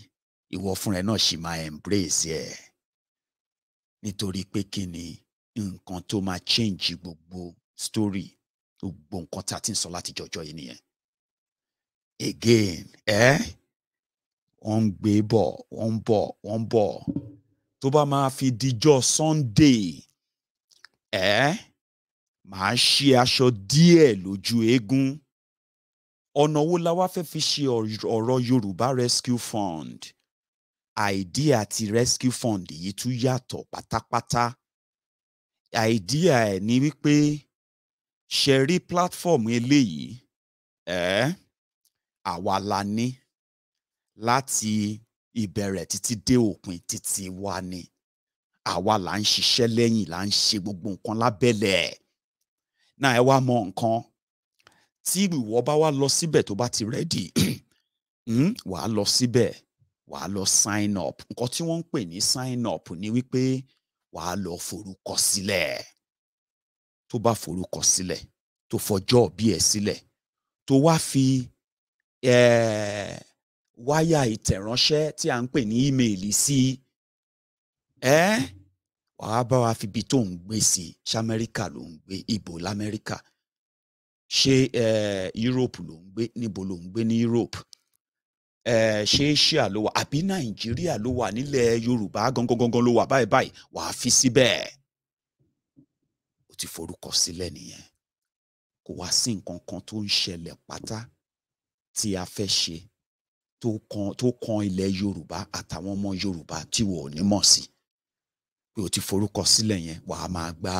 ìwọ fúnra ẹ náà sì máa embrace ẹ nítorí pé kí ni nǹkan tó máa change gbogbo story gbogbo nǹkan tá a ti ń sọ láti jọjọ yìí nìyẹn again ẹ wọ́n ń gbé bọ̀ wọ́n ń bọ̀ wọ́n ń bọ̀ tó bá máa fi dijọ́ Sunday ẹ màá ṣe aṣọ díẹ̀ lójú eégún ọ̀nà wo la wá fẹ́ fi ṣe ọ̀rọ̀ Yorùbá Rescue Fund àìdíà ti rescue fund yìí tún yàtọ̀ pátápátá àìdíà ẹ̀ ni wípé ṣe platform eléyìí eh? àwa la ní láti ìbẹ̀rẹ̀ títí dé òpin títí wa ni àwa là ń ṣiṣẹ́ lẹ́yìn là ń ṣe gbogbo nǹkan lábẹ́lẹ̀ náà ẹ wá mọ nǹkan tí ìwọ bá wá lọ síbẹ̀ tó bá ti rẹ́dì hmm, wà lọ síbẹ̀ wà á lọ sign up nǹkan tí wọ́n ń pè ní sign up ni wípé wà á lọ forúkọ sílẹ̀ tó bá forúkọ sílẹ̀ tó fọjọ́ bí ẹ sílẹ̀ tó wá fi eh, wáyà ìtẹ̀ránṣẹ́ tí a ń pè ní ímeèlì sí ẹ wà á bá wa fi ibi tó ń gbé sí ṣamẹ́ríkà ló ń gbé ibo lamẹ́ríkà ṣé Europe ló ń gbé níbo ló ń gbé ní Europe Eh, ṣeéṣíà ló wà àbí nàìjíríà ló wà nílẹ̀ yorùbá gangan gangan ló wà báyìí báyìí wàá fi síbẹ̀ ó ti forúkọ sílẹ̀ nìyẹn kò wá sí nǹkan kan tó ń ṣẹlẹ̀ pátá tí a fẹ́ ṣe tó kan tó kan ilẹ̀ yorùbá àtàwọn ọmọ yorùbá tí wò ó ní mọ̀ sí pé o ti forúkọ sílẹ̀ yẹn wàá máa gba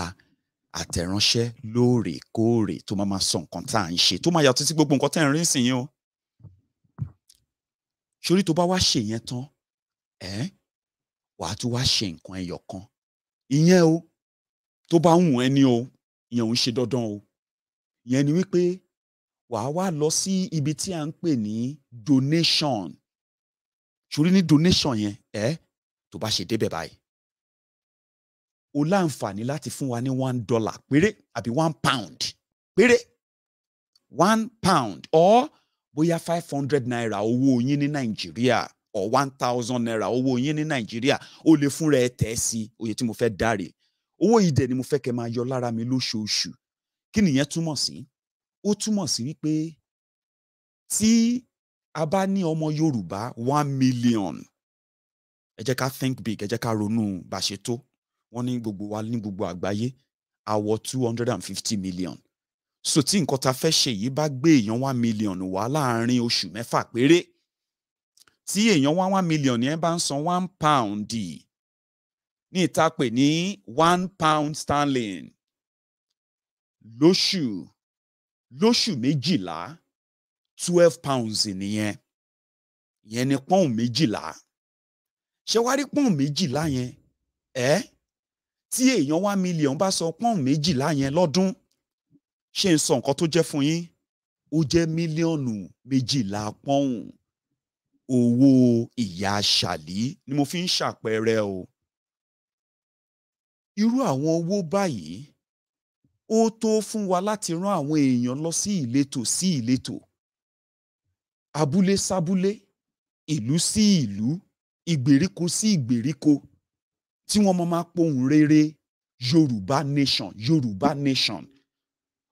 àtẹ̀ránṣẹ́ lóòrèkóòrè tó máa máa sọ nǹkan tá à ń ṣe tó máa yàtọ̀ sí gbogbo nǹkan tẹ́ ń rí sìn yín o sórí tó bá wá ṣe yẹn tán ẹ wàá tún wá ṣe nǹkan ẹyọ kan ìyẹn o tó bá wùn ẹni o ìyẹn ò ń ṣe dandan o ìyẹn ni wípé wàá wá lọ sí ibi tí a ń pè ní donation sórí ní donation yẹn ẹ tó bá ṣe débẹ̀ báyìí o láǹfààní láti fún wa ní one dollar péré àbí one pound péré one pound or bóyá five hundred naira owó yín ní nàìjíríà or one thousand naira owó yín ní nàìjíríà ó lè fúnra ẹ sí oye tí mo fẹ́ dáre owó yìí dẹ̀ ni mo fẹ́ kẹ́ máa yọ lára mi lóṣooṣù kí nìyẹn túmọ̀ sí ó túmọ̀ sí wípé tí a bá ní ọmọ yorùbá one million ẹ jẹ́ ká think big ẹ jẹ́ ká ronú bá ṣe tó wọ́n ní gbogbo wa ní gbogbo àgbáyé àwọ̀ two hundred and fifty million so tí nǹkan ta fẹ́ ṣe yìí bá gbé èèyàn one million wá láàárín oṣù mẹ́fà péré tí èèyàn wá one million yẹn bá ń san one pound ní ìta pè ní one pound sterling lóṣù lóṣù méjìlá twelve pounds nìyẹn ìyẹn ni pọ́ùn méjìlá ṣé wá rí pọ́ùn méjìlá yẹn ẹ́ tí èèyàn one million bá san pọ́ùn méjìlá yẹn lọ́dún ṣé n sọ nǹkan tó jẹ́ fún yín ó jẹ́ mílíọ̀nù méjìlá pọ́ùn owó ìyá ṣàlí ni mo fi ń ṣàpẹẹrẹ o irú àwọn owó báyìí ó tó fún wa láti rán àwọn èèyàn lọ sí ìletò sí ìletò abúlé sábúlé ìlú sí ìlú ìgbèríko sí ìgbèríko tí wọ́n máa máa pohùn rere yorùbá nation yorùbá nation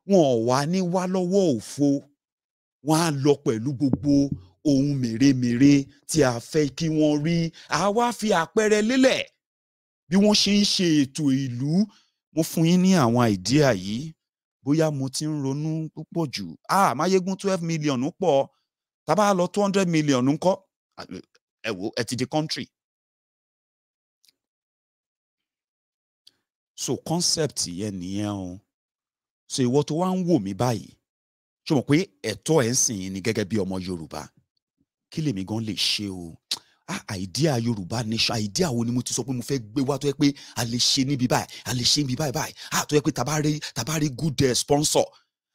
wọn ò wá ní wá lọ́wọ́ òfo wọn á lọ pẹ̀lú gbogbo ohun mèremère tí a fẹ́ kí wọ́n rí a wá fi àpẹẹrẹ lélẹ̀ bí wọ́n ṣe ń ṣe ètò ìlú mo fún yín ní àwọn àìdíà yìí bóyá mo ti ń ronú púpọ̀ jù ah mayegun twelve million pọ̀ tábà lọ two hundred million ńkọ́ ẹ wo ẹ ti di country. so concept yẹn nìyẹn o so ìwọ tó wá ń wò mí báyìí ṣó mọ̀ pé ẹ̀tọ́ ẹ̀ ń sìn ni gẹ́gẹ́ bí ọmọ Yorùbá kí lèmi gan lè ṣe o àìdíà ah, Yorùbá nation àìdíà wo ni mo ti sọ pé mo fẹ́ gbé wá tó yẹ pé a lè ṣe níbi báyìí a lè ṣe níbi báyìí báyìí a ah, tó yẹ pé tàbá rí tàbá rí good uh, sponsor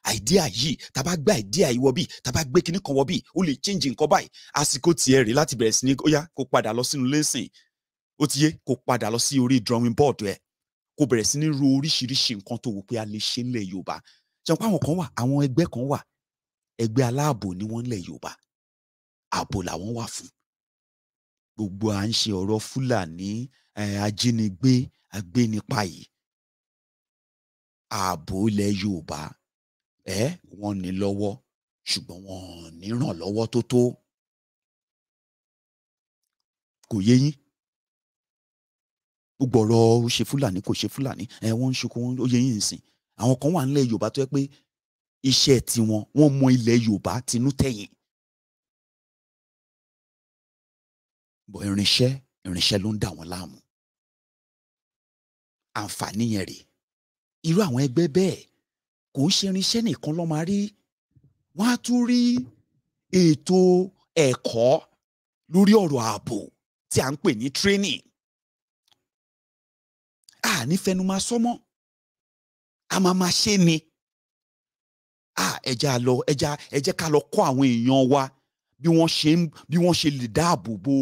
àìdíà yìí tàbá gbé àìdíà ìwọ bíi tàbá gbé kinní kan wọ bíi ó lè change nǹkan báyìí àsìkò tiẹ̀ rí láti bẹ̀rẹ̀ sí ní ó yá kó padà lọ sínú lẹ́sìn ó ti yé kó padà lọ sí orí drawing board ẹ̀ kó bẹ̀rẹ̀ sí ní ro oríṣiríṣi nǹkan tó wò pé a lè ṣe ńlẹ̀ Yorùbá ṣàpá àwọn kan wà àwọn ẹgbẹ́ kan wà ẹgbẹ́ aláàbò ni wọ́n ńlẹ̀ Yorùbá ààbò làwọn wà fún gbogbo à ń ṣe ọ̀rọ̀ Fúlàní ajínigbé agbénipa yìí ààbò ilẹ̀ Yorùbá ẹ wọ́n ní lọ́wọ́ ṣùgbọ́n wọn ní ràn lọ́wọ́ tó tó kò yé yín gbogbo ọ̀rọ̀ ó ṣe fúlàní kò ṣe fúlàní ẹ wọ́n ń ṣokò wọ́n ó yẹ yín sìn àwọn kan wà nílẹ̀ yorùbá tó yẹ pé iṣẹ́ tiwọn wọ́n mọ ilẹ̀ yorùbá tinú tẹ̀yìn. bọ̀ irinṣẹ́ irinṣẹ́ ló ń dà wọ́n láàmú àǹfààní yẹn rèé irú àwọn ẹgbẹ́ bẹ́ẹ̀ kò ń ṣe irinṣẹ́ nìkan ló máa rí wọ́n á tún rí ètò ẹ̀kọ́ lórí ọ̀rọ̀ ààbò tí à ń pè ní training a ní fẹnu máa sọ mọ́ a máa máa ṣe ni a ẹja lọ ẹja ẹjẹ ká lọ kọ́ àwọn èèyàn wa bí wọ́n ṣe bí wọ́n ṣe lè dáàbò bo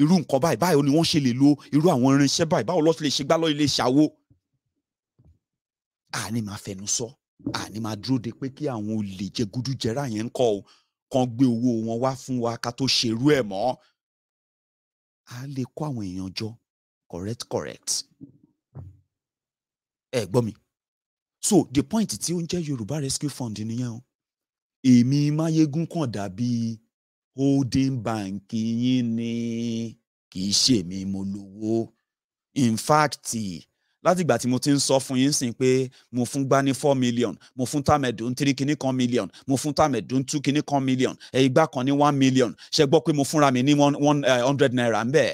irú nǹkan báyìí báyìí ni wọ́n ṣe lè lo irú àwọn irinṣẹ́ báyìí báwo lọ́ọ́ lè ṣe gbá lọ́ọ́ lè ṣàwo a ní máa fẹnu sọ a ní máa dúró de pé kí àwọn olè jẹgúdújẹrá yẹn ń kọ́ ọ kan gbé owó wọn wá fún wa ká tó ṣerú ẹ̀ mọ́ a lè kó àwọn èèyàn jọ correct correct ẹ gbọ́ mi so the point tí ó ń jẹ́ Yorùbá Rescue Fund nìyẹn o èmi Máyégún kàn dàbí holding bank yín ni kì í ṣe èmi mo lówó in fact láti ìgbà tí mo ti ń sọ fún yín sìn pé mo fún gbá ní four million mo fún tàmẹ̀dùn three kìíní kan million mo fún tàmẹ̀dùn two kìíní kan million ìgbà kan ní one million ṣe gbọ́ pé mo fúnra mi ní one eh, hundred naira ń bẹ̀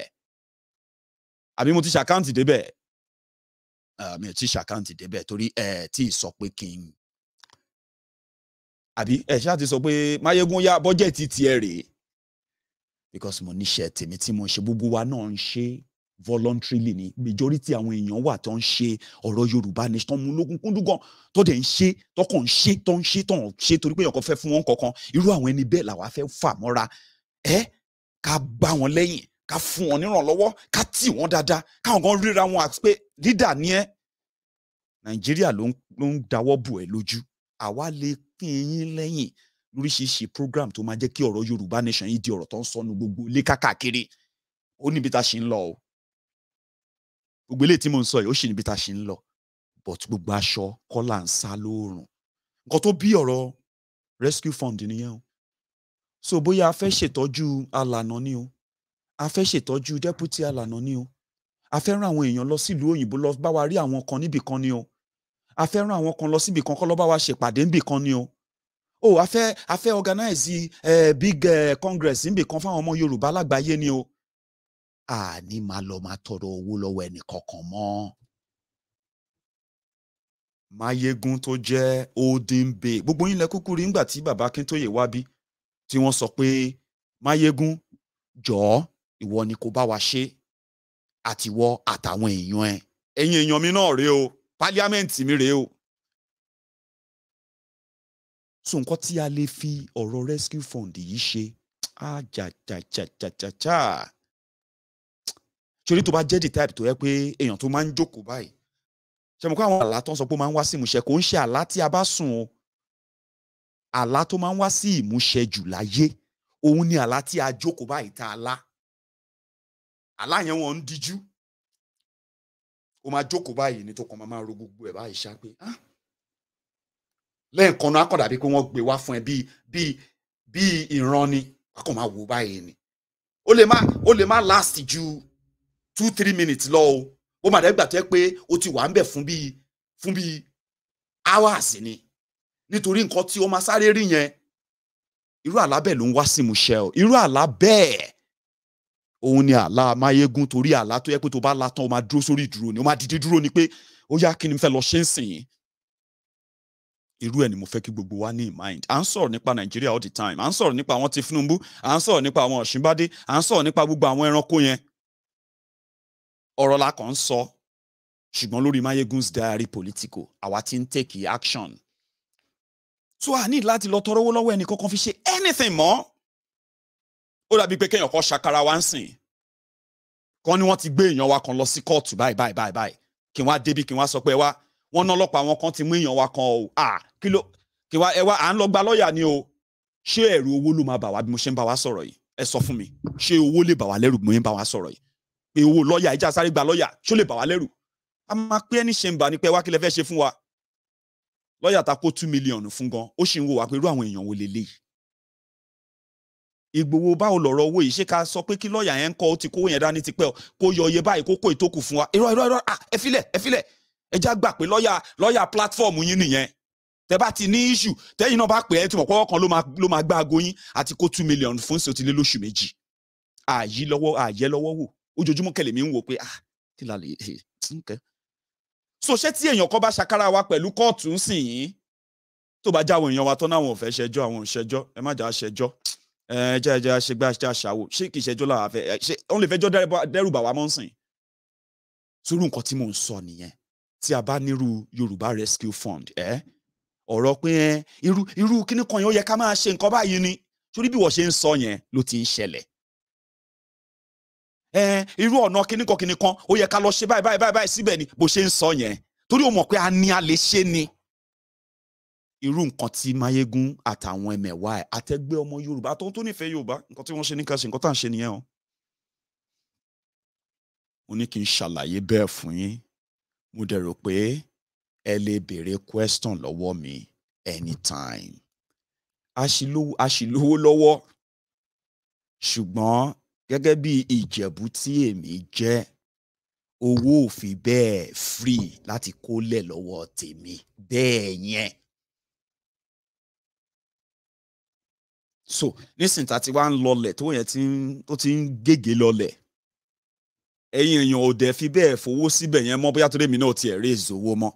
àbí mo ti ṣàkáǹtì débẹ̀ mi ò tí ì ṣàkáǹtì débẹ̀ torí ẹ tí ì sọ pé kí n àbí ẹ ṣáà ti sọ pé Máyégún yá bọ́jẹ̀tì tiẹ̀ rèé because mo níṣẹ́ tèmi tí mo ṣe gbogbo wa náà ń ṣe voluntarily ni majority àwọn èèyàn wà tó ń ṣe ọ̀rọ̀ yorùbá ni tó ń mú lókùnkúndùn gan tó dẹ̀ ń ṣe tọkàn ń ṣe tó ń ṣe tó ń ṣe torí pé èèyàn fẹ́ fún wọn kankan irú àwọn ẹni bẹ́ẹ̀ làwa fẹ́ fà mọ́ra ẹ ká bá wọn lẹ́yìn ká fún wọn nírànlọ́wọ́ ká tì wọ́n dáadáa káwọn gan ríra wọn àti pé lídà ni ẹ́ nàìjíríà ló ń dáwọ́ bò ẹ́ lójú àwa lè pín yín lẹ́yìn lóríṣiríṣi program tó máa jẹ́ kí ọ̀rọ̀ yorùbá nation yìí di ọ̀rọ̀ tó ń sọnù gbogbo ilé káàkiri ó níbi tá a ṣe ń lọ o gbogbo eléyìí tí mo ń sọ yìí ó sì níbi tá a ṣe ń lọ but gbogbo aṣọ kọ́là ń sá lóòrùn nǹkan tó bí ọ̀rọ̀ rescue fund nìyẹn o so bóyá a fẹ́ ṣètọ́jú alànà ni o a fẹ́ ṣètọ́jú deputy alànà ni o a fẹ́ rán àwọn èèyàn lọ sílùú òyìnbó lọ bá wa rí àwọn kan níbì kan ni o a fẹ́ rán àwọn kan lọ síbì kan kọ́ lọ́ bá wa ṣèpàdé níbì kan ni o o a fẹ́ a fẹ́ organize eh, big eh, congress níbì kan fáwọn ọmọ Yorùbá lágbàáyé ni o àní máa lọ máa tọrọ owó lọ́wọ́ ẹnì kankan mọ́ Máyégún tó jẹ́ Odimbe gbogbo yín lẹ kúkú rí ńgbà tí bàbá Akíntóyè wá bí tí wọ́n sọ pé Máyégún jọ̀ọ́ ìwọ ni kò bá wa ṣe àtiwọ àtàwọn èèyàn ẹ ẹ̀yin èèyàn mi náà rèé o pálíámẹ́ǹtì mi rèé o. so nǹkan tí a lè fi ọ̀rọ̀ rescue fund yìí ṣe ajajajajajaja ṣorí tó bá jẹ́ the type tó yẹ pé èèyàn tó máa ń jókòó báyìí ṣe mo kọ́ àwọn àlá tó ń sọ pé ó máa ń wá sí ìmúṣẹ kò ń ṣe àlá tí a bá sùn o àlá tó máa ń wá sí ìmúṣẹ jù láyé òun ni àlá tí a jókòó báyìí tá a lá aláyẹn wọn ń díjú ó máa jókòó báyìí ní tó kàn máa ro gbogbo ẹ̀ báyìí ṣá pé ah! lẹ́ẹ̀kan náà akọ̀dà bíi pé wọ́n gbé wá fún ẹ bíi bíi bíi ìran ni wọ́n kàn máa wò báyìí ni ó lè má ó lè má last ju two three minutes lọ o ó mà dẹ́gbà tó yẹ pé ó ti wà ń bẹ̀ fún bíi fún bíi hours ni nítorí nǹkan tí ó máa sáré rí yẹn irú àlá bẹ́ẹ̀ ló ń wá sí mu ṣe o irú àlá bẹ́ẹ̀ òun ni àlá amáyégún torí àlá tó yẹ pé tó bá la tán o máa dúró sórí ìdúró ni o máa dìde dúró ni pé ó yá kí ni mo fẹ́ lọ ṣe ń sìn yín irú ẹ̀ ni mo fẹ́ kí gbogbo wa ní in mind à ń sọ̀rọ̀ nípa Nàìjíríà all the time à ń sọ̀rọ̀ nípa àwọn ti Tinubu à ń sọ̀rọ̀ nípa àwọn Ọ̀ṣínbádé à ń sọ̀rọ̀ nípa gbogbo àwọn ẹranko yẹn ọ̀rọ̀ la kàn ń sọ ṣùgbọ́n lórí Mayegun's diary political. àwa ti ń take action so a ní láti lọ tọrọ owó lọ́wọ́ ẹnì kankan fi ṣe anything more? ó dàbí pé kéèyàn kan ṣàkàrà wá ń sìn kan ni wọ́n ti gbé èèyàn wa kan lọ sí kóòtù báyìí báyìí báyìí kí wọ́n á débi kí wọ́n á sọ pé wá wọ́n ná ọlọ́pàá wọn kan ti mú èèyàn wa kan o à kí ló kí wá ẹ wá à ń lọ gba lọ́ọ̀yà ni o ṣé ẹ̀rù owó ló máa bà wá bí mo ṣe ń bá wa sọ̀rọ̀ yìí ẹ sọ fún mi ṣé owó lè bà wá lẹ́rù bí mo ṣe ń bá wa sọ̀rọ̀ yìí pé owó lọ́ọ̀yà ìjà sáré gba lọ́ọ̀yà ṣó million fún gan ó sì ń Ìgbòho báwo lọ̀rọ̀ owó yìí ṣé ká sọ pé kí lọ́ọ̀yà yẹn ń kọ́ ó ti kówó yẹn dání tipẹ́ ọ kó yọ iye báyìí kó kó ìtókù fún wa irọ́ irọ́ irọ́ ẹ filẹ̀ ẹ filẹ̀ ẹ já gbà pé lọ́ọ̀yà lọ́ọ̀yà platform yín nìyẹn tẹ bá ti ní issue tẹ́yìn náà bá pè é tí mọ̀ pọ́wọ́ kan ló máa gbá aago àti kó two million fún sí òtílé lóṣù méjì ààyè lọ́wọ́ ààyè lọ́wọ́ wò ojoojúmọ́ kẹlẹ̀ mi ń wò pé ah kí la lè he ǹkẹ́. so ṣé tí èèyàn kan bá ṣàkárà wa pẹ̀lú kóòtù ń sìn yín tó bá jáwọ́ èèyàn wa tán náà àwọn ò fẹ́ ṣẹjọ́ àwọn ò ẹ má jà ṣẹjọ́ jẹ́ ẹ̀jẹ̀ ṣègbà ṣe àṣàwò ṣé kì í ṣẹjọ́ làwọn afẹ́ ṣé wọ́n lè fẹjọ́ dẹ́rù bà wá mọ́ sìn sórí nǹkan tí mò ń sọ nìyẹn tí a bá nírú Yorùbá Rescue Fund ẹ ọ̀rọ̀ pé irú irú kíní kan yẹn ó yẹ ká máa ṣe nǹkan báyìí ni torí bí wọ́n ṣe ń sọ yẹn ló ti ń ṣẹlẹ̀ ẹ irú ọ̀nà kíní kan kíní kan ó yẹ ká lọ ṣe báyìí báyìí síbẹ̀ ni bó ṣe ń sọ yẹn torí ó mọ̀ pé a ní a lè ṣe ni irú nǹkan tí Máyégún àtàwọn ẹmẹ̀wà ẹ̀ àtẹgbẹ́ ọmọ Yorùbá àtọ́n tó nífẹ̀ẹ́ Yorùbá nǹkan tí wọ́n ṣe nìkan ṣe nǹkan tá à ń ṣe nìyẹn o. mo ní kí n ṣàlàyé bẹ́ẹ̀ fún yín mo dẹ̀ pé ẹ lè béèrè question lọ́wọ́ mi anytime. àṣìlówó lọ́wọ́ ṣùgbọ́n gẹ́gẹ́ bí Ìjẹ̀bú tí èmi jẹ́ owó ò fi bẹ́ẹ̀ free láti kólẹ̀ lọ́wọ́ tèmi bẹ́ẹ̀ yẹn so nísìnyí tá a ti wá ń lọlẹ̀ tó yẹn tó ti ń gègé lọlẹ̀ ẹ̀yin èèyàn ò dẹ̀ fi bẹ́ẹ̀ fowó síbẹ̀ yẹn mọ́ bóyá torí èmi náà tiẹ̀ rí ìzòwò mọ́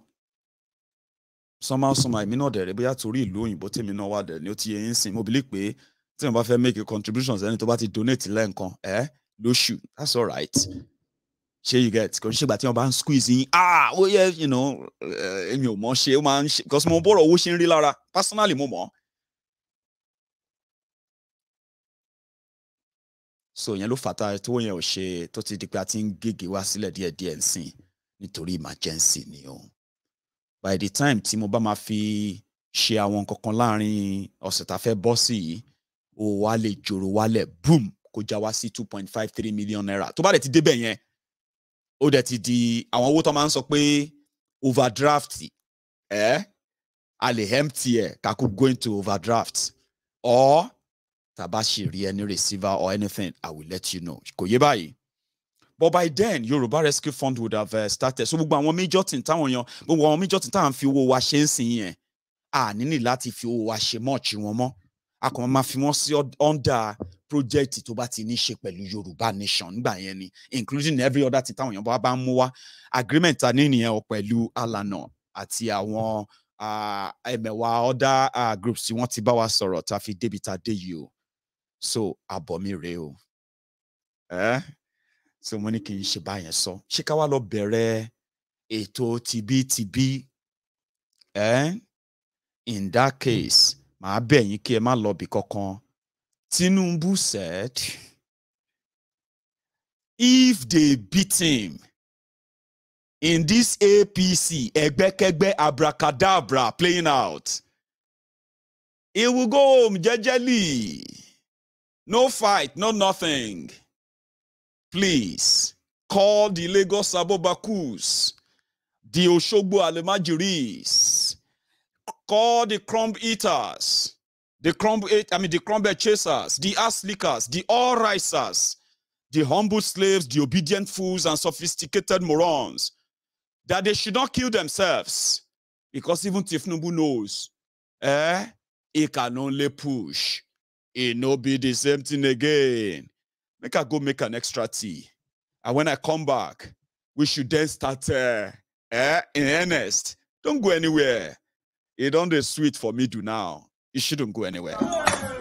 somehow somehow èmi náà dẹ̀rẹ̀ bóyá torí ìlú òyìnbó tèmi náà wà dẹ̀ ni ó ti yẹn ń sìn mo believe pé tí mo bá fẹ́ make a contribution sẹ́ni tó bá ti donate lẹ́ẹ̀kan ẹ̀ lóṣù that's all right ṣé you get kò ń ṣègbà tí wọn bá ń squeeze yín ah ó yẹ èmi ò mọ̀ ṣe ó máa ń ṣe because mo bọ̀rọ̀ owó ṣe ń rí lára personally mo mọ̀ ọ́ so yẹn ló fàtà tó yẹn ò ṣe tó ti di pé a ti ń gègé wá sílẹ̀ díẹ̀díẹ̀ nsìn nítorí emergency ni o by the time tí mo bá máa fi ṣe àwọn kankan láàrin ọ̀sẹ̀ tá a fẹ́ bọ́ sí yìí o wa lè jòrò wálẹ̀ boom kó já wá sí two point five three million naira tó bá dẹ̀ ti débẹ̀ yẹn ó dẹ̀ ti di àwọn owó tó máa ń sọ pé overdraft ẹ̀ eh? a lè empty ẹ̀ kakú going to overdraft or tàbá sì rí any receiver or anything i will let you know kò yé báyìí but by then yorùbá rescue fund would have uh, started so gbogbo àwọn major tin táwọn yan gbogbo àwọn major tin táwọn fi owó wa ṣe ń sìn yẹn a níní láti fi owó wa ṣe mọ́ọ̀chì wọn mọ́ a kàn máa fi wọ́n sí under project tó bá ti ní ṣe pẹ̀lú yorùbá nation nígbà yẹn ni including every other tin táwọn yan bá ń mú wá agreement ta ní nìyẹn o pẹ̀lú alana àti àwọn ah, ẹ̀mẹ̀wà other ah, groups tí wọ́n ti bá wa sọ̀rọ̀ tá a fi débi tá dé yìí o so àbọ̀ mi rèé o ẹ́ so wọ́n ní kí n ṣe báyẹn sọ ṣé ká wá lọ bẹ̀rẹ̀ ètò tìbítìbí ẹ́ in that case màá bẹ̀ yín kí ẹ má lọ bì kankan Tinubu said if they beat him in this APC ẹgbẹ́kẹ́gbẹ́ abracadabra playing out he will go home jẹ́jẹ́lì. No fight, no nothing. Please call the Lagos Abobakus, the Oshogbo Alemajiris, call the crumb eaters, the crumb eat, I mean the crumb chasers, the ass lickers, the all risers, the humble slaves, the obedient fools, and sophisticated morons, that they should not kill themselves. Because even Tifnubu knows, eh, he can only push it no be the same thing again. Make I go make an extra tea. And when I come back, we should then start uh, eh, in earnest. Don't go anywhere. It on the sweet for me to now. It shouldn't go anywhere.